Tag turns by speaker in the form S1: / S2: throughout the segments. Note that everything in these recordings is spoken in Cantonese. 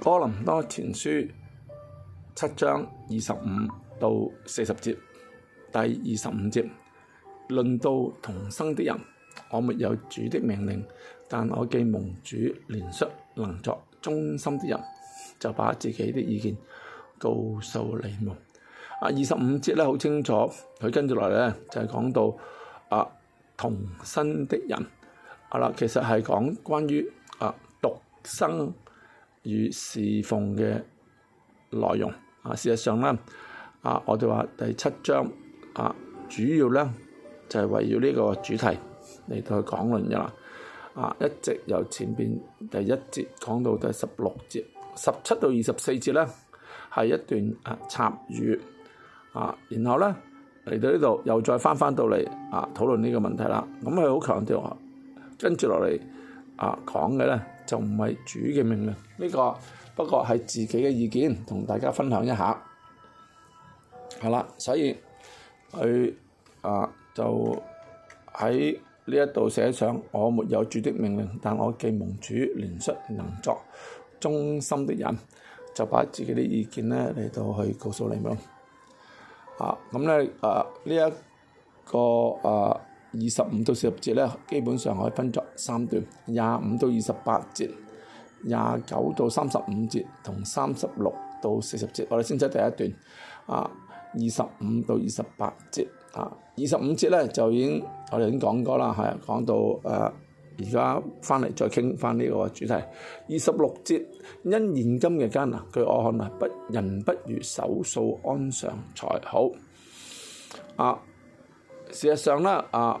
S1: 哥林多前書七章二十五到四十節，第二十五節，論到童身的人，我沒有主的命令，但我既蒙主憐恤能作忠心的人，就把自己的意見告訴你們。啊，二十五節呢，好清楚，佢跟住落嚟呢，就係講到啊童身的人，啊啦，其實係講關於啊獨身。與侍奉嘅內容啊，事實上咧，啊，我哋話第七章啊，主要咧就係圍繞呢個主題嚟到去講論嘅啦。啊，一直由前邊第一節講到第十六節，十七到二十四節咧係一段啊插語啊，然後咧嚟到呢度又再返返到嚟啊討論呢個問題啦。咁佢好強調，跟住落嚟啊講嘅咧。就唔係主嘅命令，呢、這個不過係自己嘅意見，同大家分享一下，係啦，所以佢啊、呃、就喺呢一度寫上：我沒有主的命令，但我既蒙主憐恤能作忠心的人，就把自己啲意見呢嚟到去告訴你們。啊、呃，咁咧啊呢一個啊。呃二十五到四十節咧，基本上可以分作三段，廿五到二十八節，廿九到三十五節同三十六到四十節。我哋先出第一段，啊，二十五到二十八節，啊，二十五節咧就已經我哋已經講過啦，係講到誒而家翻嚟再傾翻呢個主題。二十六節，因現今嘅艱難，據我看啊不人不如守素安常才好，啊。事實上咧，啊，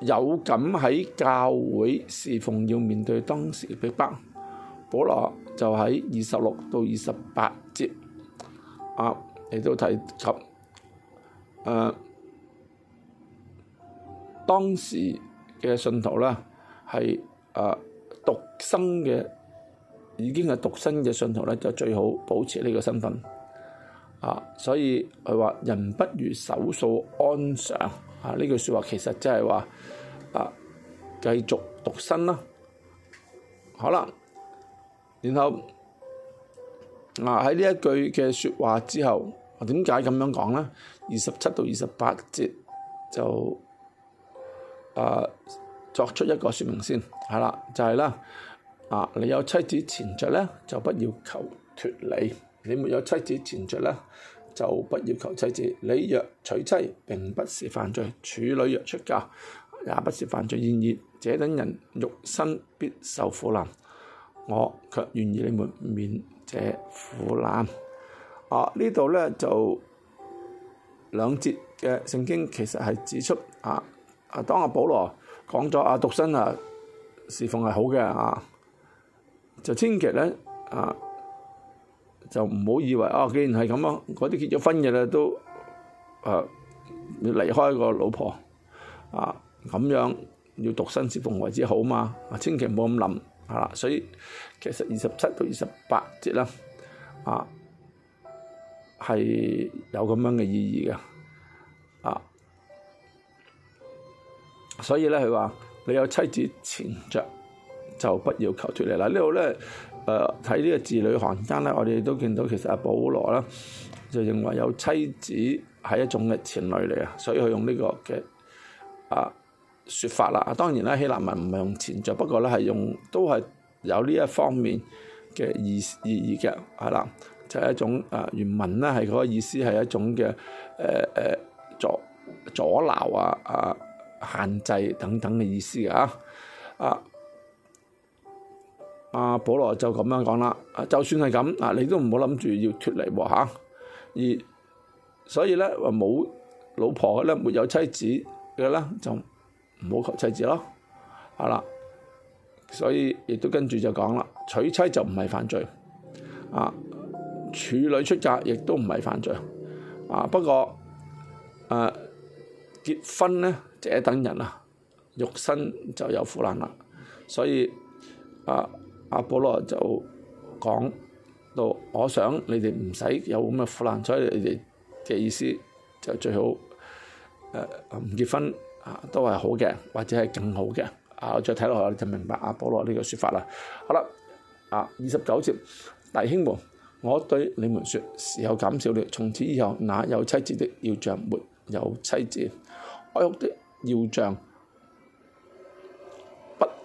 S1: 有感喺教會侍奉要面對當時嘅逼迫，保羅就喺二十六到二十八節啊，嚟到提及，誒、啊，當時嘅信徒呢係啊，獨身嘅，已經係獨身嘅信徒呢就最好保持呢個身份。啊，所以佢話人不如守素安常，啊，呢句説話其實即係話啊繼續獨身啦，好啦，然後啊喺呢一句嘅説話之後，點解咁樣講咧？二十七到二十八節就啊作出一個説明先，係啦，就係啦，啊你有妻子纏着咧，就不要求脱離。你沒有妻子纏着呢，就不要求妻子。你若娶妻並不是犯罪，處女若出嫁也不是犯罪。然而這等人肉身必受苦難，我卻願意你們免這苦難。啊，呢度呢，就兩節嘅聖經其實係指出啊，當啊當阿保羅講咗啊獨身啊事奉是否係好嘅啊，就千祈咧啊。就唔好以為哦，既然係咁咯，嗰啲結咗婚嘅咧都，誒、呃、要離開個老婆，啊咁樣要獨身事奉為之好嘛，啊千祈唔好咁諗，係啦，所以其實二十七到二十八節咧，啊係有咁樣嘅意義嘅，啊，所以咧佢話你有妻子纏着，就不要求脱離喇，呢度咧。誒、呃、睇呢個字裏行間咧，我哋都見到其實阿保羅啦，就認為有妻子係一種嘅纏累嚟啊，所以佢用呢個嘅啊説法啦。當然啦，希臘文唔係用纏字，不過咧係用都係有呢一方面嘅意意義嘅，係啦，就係、是、一種啊、呃、原文咧係嗰個意思係一種嘅誒誒阻阻撓啊啊限制等等嘅意思嘅啊啊。啊。阿、啊、保羅就咁樣講啦，啊，就算係咁，啊，你都唔好諗住要脱離喎嚇。而所以咧話冇老婆嘅咧，沒有妻子嘅咧，就唔好求妻子咯。係、啊、啦，所以亦都跟住就講啦，娶妻就唔係犯罪，啊，處女出嫁亦都唔係犯罪，啊不過，誒、啊、結婚咧，這等人啊，肉身就有苦難啦，所以啊。阿保羅就講到，我想你哋唔使有咁嘅苦難，所以你哋嘅意思就是最好，誒、呃、唔結婚啊都係好嘅，或者係更好嘅。啊，再睇落去你就明白阿保羅呢個説法啦。好啦，啊，二十九節，弟兄們，我對你們説，時候減少了，從此以後，那有妻子的要像沒有妻子，哀哭的要像。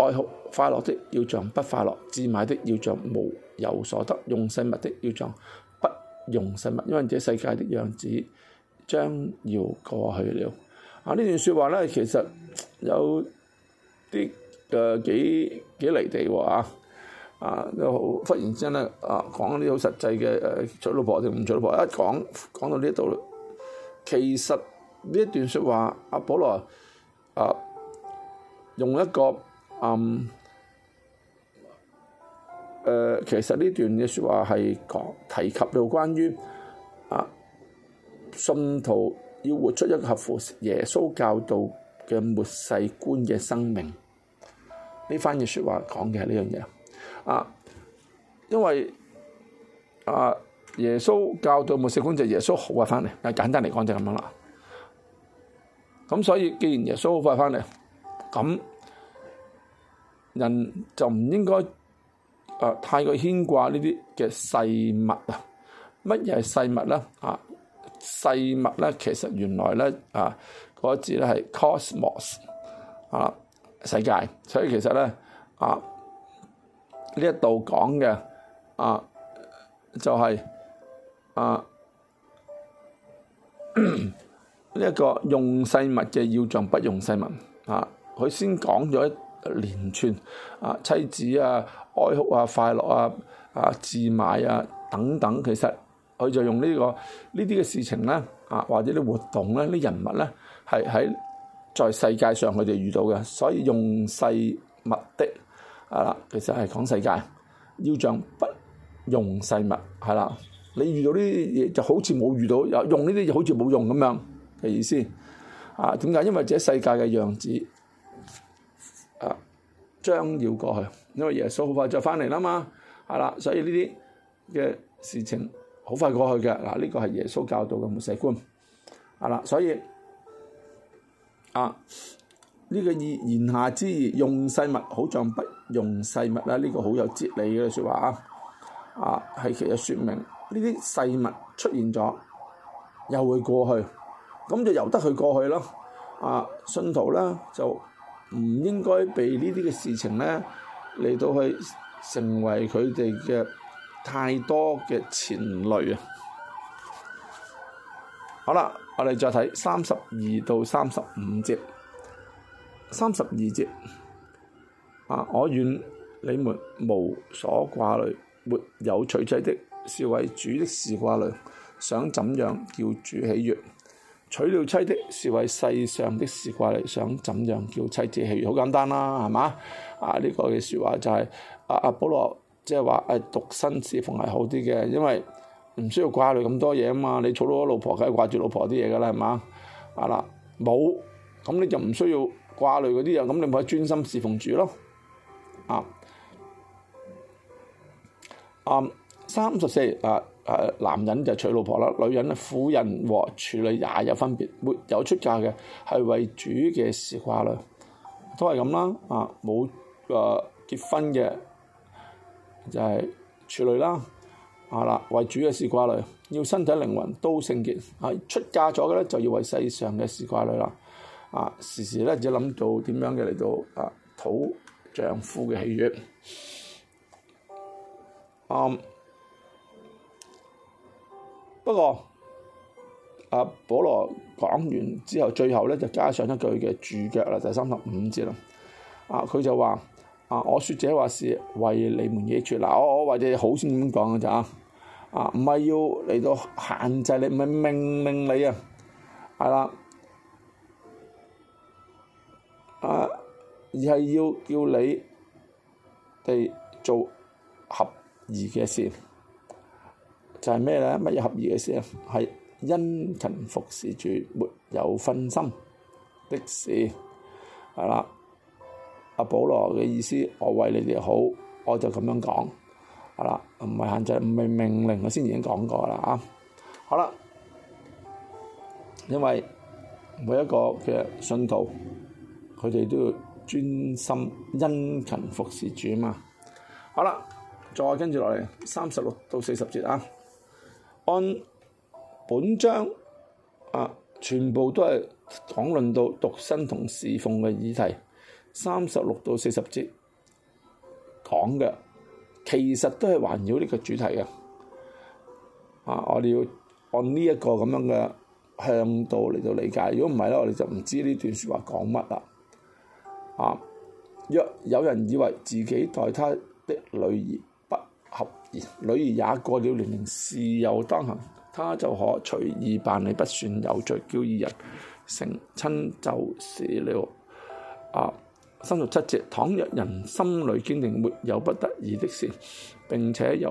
S1: 愛好快樂的要像不快樂，置買的要像無有所得，用世物的要像不用世物。因為這世界的樣子將要過去了。啊！段說呢段説話咧，其實有啲誒、呃、幾幾離地喎啊！啊，好忽然之間咧啊，講啲好實際嘅誒娶老婆定唔娶老婆，一、啊、講講到呢度。其實呢一段説話，阿、啊、保羅啊，用一個。嗯、um, 呃，其實呢段嘅説話係講提及到關於信徒要活出一個合乎耶穌教導嘅末世觀嘅生命。呢番嘅説話講嘅係呢樣嘢，啊，因為啊，耶穌教導末世觀就係、耶穌好快翻嚟，啊，簡單嚟講就咁樣啦。咁所以既然耶穌好快翻嚟，咁人就唔應該誒太過牽掛呢啲嘅世物啊！乜嘢係世物咧？啊，世物咧其實原來咧啊，嗰個字咧係 cosmos 啊，世界。所以其實咧啊，呢一度講嘅啊，就係啊呢一個用世物嘅要像不用世物啊，佢先講咗。連串啊，妻子啊，哀哭啊，快樂啊，啊自賣啊等等，其實佢就用呢、這個呢啲嘅事情咧，啊或者啲活動咧，啲人物咧，係喺在世界上佢哋遇到嘅，所以用世物的係啦，其實係講世界，要像不用世物係啦，你遇到呢啲嘢就好似冇遇到，用呢啲嘢好似冇用咁樣嘅意思，啊點解？因為這世界嘅樣子。啊，將要過去，因為耶穌好快就返嚟啦嘛，係啦，所以呢啲嘅事情好快過去嘅。嗱，呢個係耶穌教導嘅末世觀，係啦，所以啊，呢個意言下之意，用細物好像不用細物啦，呢個好有哲理嘅説話啊，啊係其實説明呢啲細物出現咗又會過去，咁就由得佢過去咯。啊，信徒啦就。唔應該被呢啲嘅事情咧嚟到去成為佢哋嘅太多嘅前累啊！好啦，我哋再睇三十二到三十五節，三十二節啊！我願你們無所掛慮，沒有娶妻的，是為主的事掛慮，想怎樣叫主喜悅。娶了妻的，是為世上的事掛慮，想怎樣叫妻子喜悅，好簡單啦，係嘛？啊，呢個嘅說話就係阿阿保羅，即係話誒，獨身侍奉係好啲嘅，因為唔需要掛慮咁多嘢啊嘛，你娶到咗老婆，梗係掛住老婆啲嘢噶啦，係嘛？啊啦，冇，咁你就唔需要掛慮嗰啲人，咁你咪專心侍奉住咯，啊，嗯、啊。三十四啊！誒，男人就娶老婆啦，女人咧，婦人和處女也有分別。沒有出嫁嘅係為主嘅事掛慮，都係咁啦。啊，冇誒結婚嘅就係、是、處女啦。啊啦，為主嘅事掛慮要身體靈魂都聖潔。啊，出嫁咗嘅咧就要為世上嘅事掛慮啦。啊，時時咧要諗到點樣嘅嚟到啊討丈夫嘅喜悅。啱、嗯。不過阿、啊、保羅講完之後，最後咧就加上一句嘅注腳啦，第三十五節啦。啊，佢就話：啊，我說這話是為你們益處，嗱、啊，我我為你好先咁講嘅咋，啊，唔係要嚟到限制你，唔係命令你啊，係啦，啊，而係要叫你哋做合宜嘅事。就係咩咧？乜嘢合宜嘅事啊？係殷勤服侍主，沒有分心的事，係啦。阿保羅嘅意思，我為你哋好，我就咁樣講，係啦，唔係限制，唔係命令，我先已經講過啦，啊，好啦，因為每一個嘅信徒，佢哋都要專心殷勤服侍主啊嘛。好啦，再跟住落嚟三十六到四十節啊。按本章啊，全部都係講論到獨身同侍奉嘅議題，三十六到四十節講嘅，其實都係環繞呢個主題嘅。啊，我哋要按呢一個咁樣嘅向度嚟到理解，如果唔係咧，我哋就唔知呢段説話講乜啦。啊，若有人以為自己待他的女兒，女兒也過了年齡，連連事有當行，她就可隨意辦理，不算有罪。叫二人成親就是了，啊，三十七節。倘若人心裏堅定，沒有不得已的事，並且由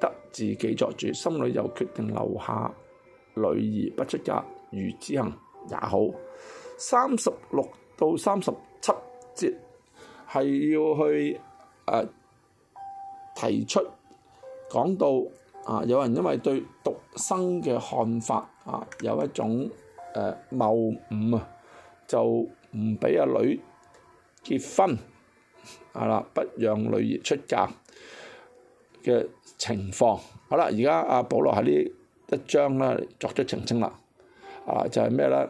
S1: 得自己作主，心裏又決定留下女兒不出嫁，如此行也好。三十六到三十七節係要去誒、啊、提出。講到啊，有人因為對獨身嘅看法啊，有一種誒謬誤啊，就唔俾阿女結婚，係啦，不讓女兒出嫁嘅情況。好、啊、啦，而家阿保羅喺呢一章啦，作出澄清啦。啊，就係咩咧？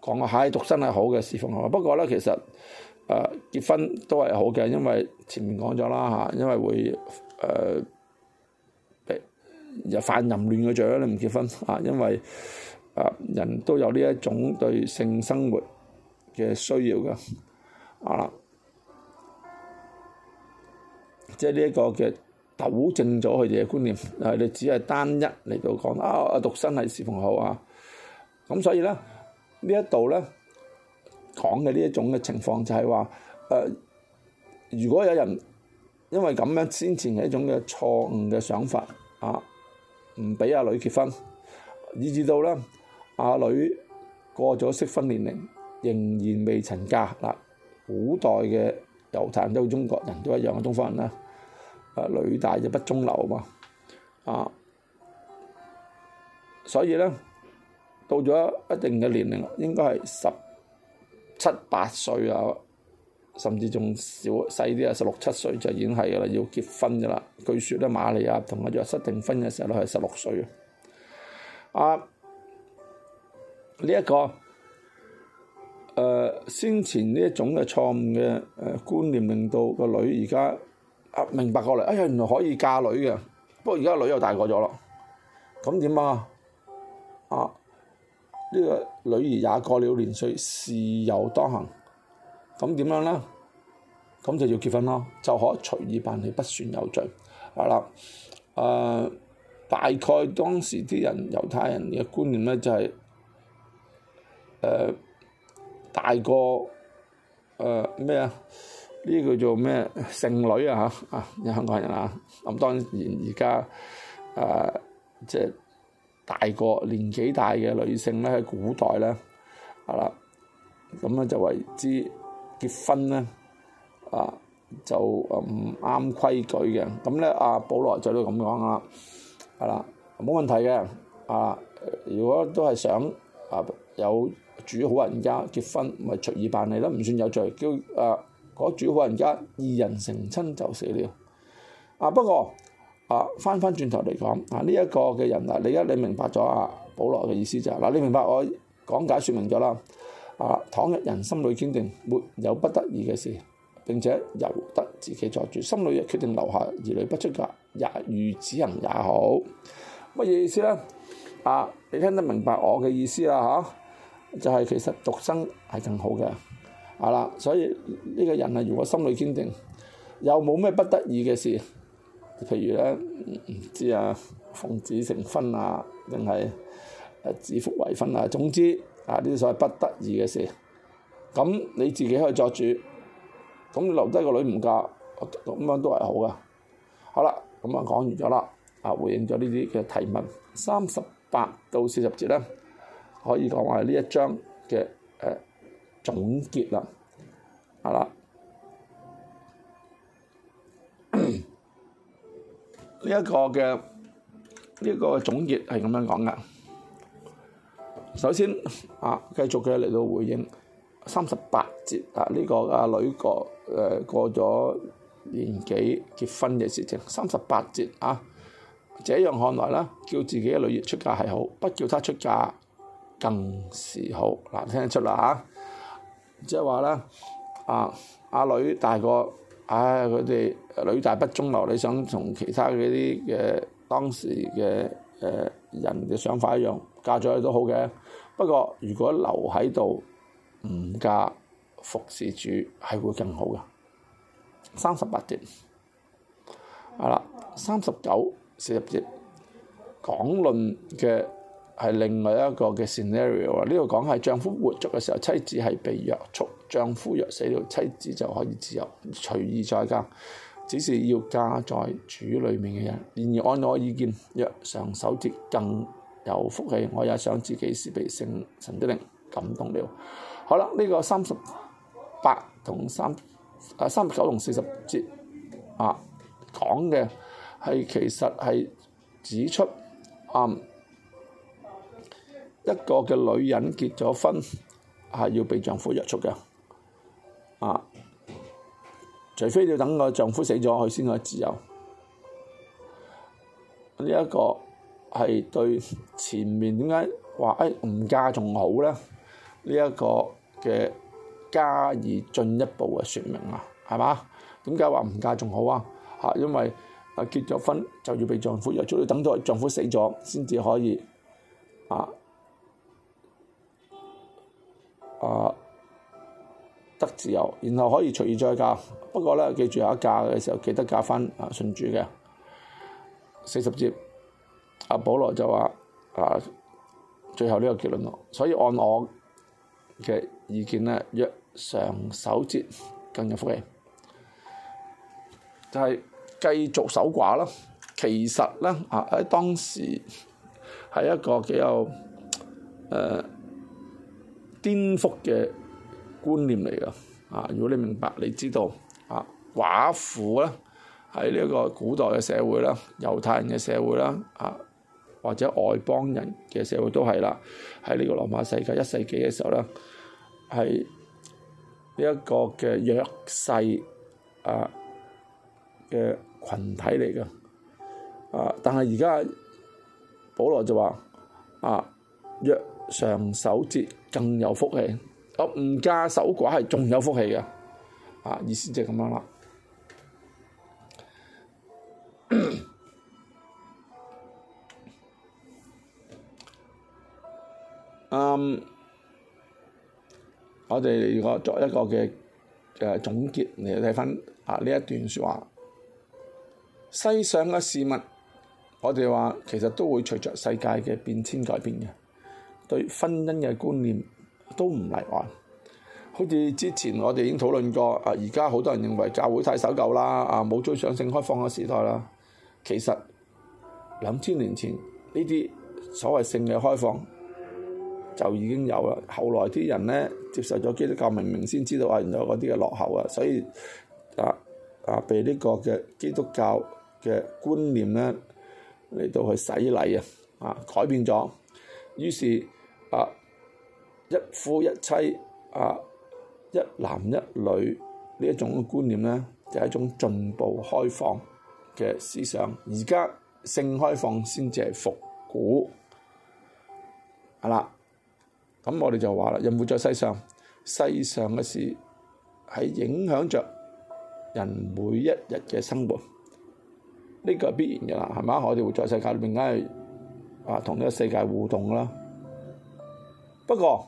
S1: 講下「嚇獨身係好嘅事奉，不過咧，其實誒、啊、結婚都係好嘅，因為前面講咗啦嚇，因為會誒。呃又犯淫亂嘅罪啦！你唔結婚啊，因為啊，人都有呢一種對性生活嘅需要噶啊，即係呢一個嘅糾正咗佢哋嘅觀念，係、啊、你只係單一嚟到講啊，啊獨身係侍奉好啊，咁、啊啊、所以咧呢一度咧講嘅呢一種嘅情況就係話，誒、啊，如果有人因為咁樣先前係一種嘅錯誤嘅想法啊。唔畀阿女結婚，以至到呢阿女過咗適婚年齡，仍然未曾嫁。嗱，古代嘅猶太人都中國人都一樣嘅東方人啦，啊女大就不中留嘛，啊，所以呢到咗一定嘅年齡，應該係十七八歲啊。甚至仲小細啲啊，十六七歲就已經係噶啦，要結婚噶啦。據說咧，瑪利亞同阿約瑟訂婚嘅時候咧，係十六歲啊。呢、這、一個誒、呃、先前呢一種嘅錯誤嘅誒、呃、觀念，令到個女而家、啊、明白過嚟，哎呀，原來可以嫁女嘅。不過而家女又大個咗咯，咁點啊？啊！呢、這個女兒也過了年歲，事有當行。咁點樣咧？咁就要結婚咯，就可以隨意辦理，不算有罪。係啦，誒、呃，大概當時啲人猶太人嘅觀念咧、就係，就係誒大個誒咩啊？呢叫做咩？剩女啊嚇啊！香港人啊，咁、啊、當然而家誒即係大個年紀大嘅女性咧，喺古代咧係啦，咁咧就為之。結婚咧，啊就唔啱規矩嘅，咁咧阿保羅就都咁講啊，係啦，冇問題嘅，啊如果都係想啊有主好人家結婚，咪隨意辦理都唔算有罪。叫啊嗰主好人家二人成親就死了，啊不過啊翻翻轉頭嚟講，啊呢一個嘅人啊，這個、人你而家你明白咗阿保羅嘅意思就嗱，你明白、啊啊、你明白我講解說明咗啦。啊！倘若人心裏堅定，沒有，有不得已嘅事，並且由得自己作主，心裏嘅決定留下兒女不出嫁，也如此行也好，乜嘢意思咧？啊，你聽得明白我嘅意思啦？吓、啊，就係、是、其實獨生係更好嘅。啊啦，所以呢個人啊，如果心裏堅定，又冇咩不得已嘅事，譬如咧唔知啊，奉子成婚啊，定係指腹為婚啊，總之。啊！呢啲所謂不得已嘅事，咁你你自己可以作主，咁留低個女唔嫁，咁樣都係好噶。好啦，咁啊講完咗啦，啊回應咗呢啲嘅提問，三十八到四十節咧，可以講話係呢一章嘅誒、呃、總結啦。好啦，呢一、 個嘅呢、個總結係咁樣講噶。首先，啊，繼續嘅嚟到回應三十八節啊，呢、這個阿、啊、女過誒、呃、過咗年紀結婚嘅事情。三十八節啊，這樣看來啦，叫自己嘅女兒出嫁係好，不叫她出嫁更是好。嗱、啊、聽得出啦嚇，即係話咧，啊阿、就是啊、女大個，唉佢哋女大不中留，你想同其他嗰啲嘅當時嘅誒人嘅想法一樣。嫁咗去都好嘅，不過如果留喺度唔嫁服侍主係會更好嘅。三十八節，啊啦，三十九、四十節，講論嘅係另外一個嘅 scenario 啊，呢度講係丈夫活著嘅時候，妻子係被約束；丈夫若死了，妻子就可以自由隨意再嫁，只是要嫁在主裡面嘅人。然而按我意見，若常守節更有福氣，我也想自己是被聖神的靈感動了。好啦，呢、這個三十八同三啊三十九同四十節啊，講嘅係其實係指出啊、嗯、一個嘅女人結咗婚係要被丈夫約束嘅啊，除非要等個丈夫死咗，佢先可以自由。呢、這、一個。係對前面點解話誒唔嫁仲好咧？呢一個嘅加以進一步嘅説明啊，係嘛？點解話唔嫁仲好啊？嚇，因為啊結咗婚就要被丈夫約束，要等到丈夫死咗先至可以啊啊得自由，然後可以隨意再嫁。不過咧，記住有一嫁嘅時候，記得嫁翻啊信主嘅四十節，阿保羅就話：啊，最後呢個結論咯。所以按我嘅意見咧，若常守節更有福氣，就係、是、繼續守寡啦。其實咧，啊喺當時係一個幾有誒、呃、顛覆嘅觀念嚟㗎。啊，如果你明白，你知道啊，寡婦咧喺呢個古代嘅社會啦，猶太人嘅社會啦，啊。或者外邦人嘅社會都係啦，喺呢個羅馬世界一世紀嘅時候咧，係呢一個嘅弱勢啊嘅群體嚟嘅。啊！但係而家保羅就話：啊，若常守節更有福氣，我、哦、唔嫁守寡係仲有福氣嘅，啊！意思就係咁樣啦。 Um, 我哋如果作一個嘅誒總結嚟睇返，啊呢一段説話，世上嘅事物，我哋話其實都會隨着世界嘅變遷改變嘅，對婚姻嘅觀念都唔例外。好似之前我哋已經討論過，啊而家好多人認為教會太守舊啦，啊冇追上性開放嘅時代啦。其實兩千年前呢啲所謂性嘅開放。就已經有啦。後來啲人咧接受咗基督教，明明先知道啊，原來啲嘅落後啊，所以啊啊被呢個嘅基督教嘅觀念咧嚟到去洗禮啊，啊改變咗。於是啊一夫一妻啊一男一女呢一種觀念咧，就係一種進步開放嘅思想。而家性開放先至係復古，係啦。咁我哋就話啦，人活在世上，世上嘅事係影響着人每一日嘅生活，呢個係必然嘅啦，係嘛？我哋活在世界裏面，梗係啊同呢個世界互動啦。不過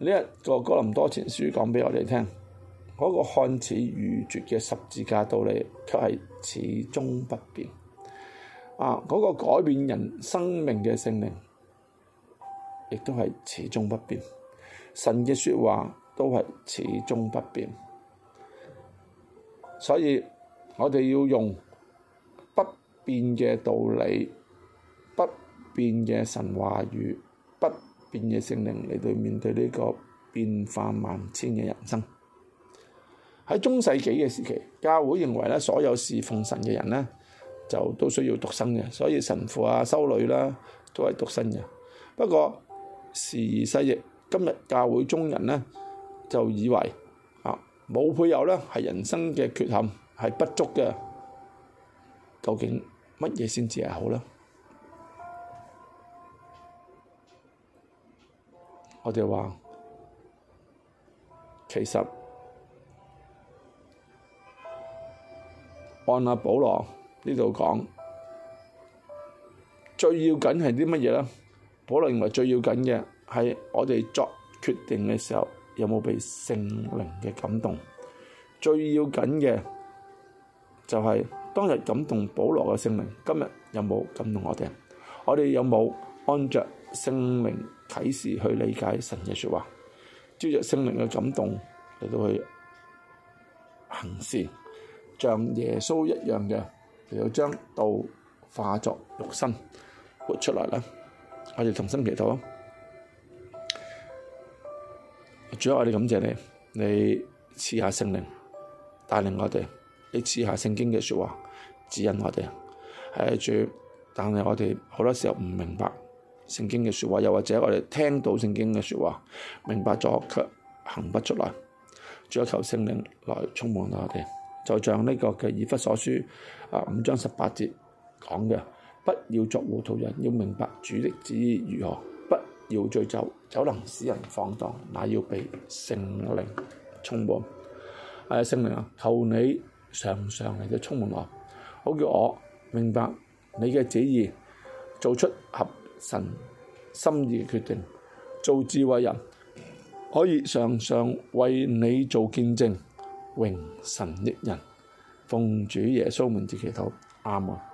S1: 呢一、這個哥林多前書講畀我哋聽，嗰、那個看似愚拙嘅十字架道理，卻係始終不變。啊，嗰、那個改變人生命嘅聖靈。亦都係始終不變，神嘅説話都係始終不變，所以我哋要用不變嘅道理、不變嘅神話語、不變嘅聖靈嚟對面對呢個變化萬千嘅人生。喺中世紀嘅時期，教會認為咧，所有侍奉神嘅人咧就都需要獨身嘅，所以神父啊、修女啦、啊、都係獨身嘅。不過，時而世易，今日教會中人呢就以為啊，冇配偶呢係人生嘅缺陷，係不足嘅，究竟乜嘢先至係好呢？我哋話其實按阿保羅呢度講，最要緊係啲乜嘢呢？保羅認為最要緊嘅係我哋作決定嘅時候有冇被聖靈嘅感動，最要緊嘅就係當日感動保羅嘅聖靈，今日有冇感動我哋？我哋有冇按著聖靈啟示去理解神嘅説話，照著聖靈嘅感動嚟到去行事，像耶穌一樣嘅，嚟到將道化作肉身活出嚟咧。我哋同心祈禱，主啊，我哋感謝你，你賜下聖靈帶領我哋，你賜下聖經嘅說話指引我哋。誒，主，但係我哋好多時候唔明白聖經嘅說話，又或者我哋聽到聖經嘅說話，明白咗卻行不出來。主要求聖靈來充滿我哋，就像呢個嘅以弗所書啊五章十八節講嘅。不要作糊塗人，要明白主的旨意如何。不要醉酒，酒能使人放蕩，那要被聖靈充滿。誒、哎，聖靈啊，求你常常嚟到充滿我，好叫我明白你嘅旨意，做出合神心意嘅決定，做智慧人，可以常常為你做見證，榮神益人。奉主耶穌名字祈禱，阿門。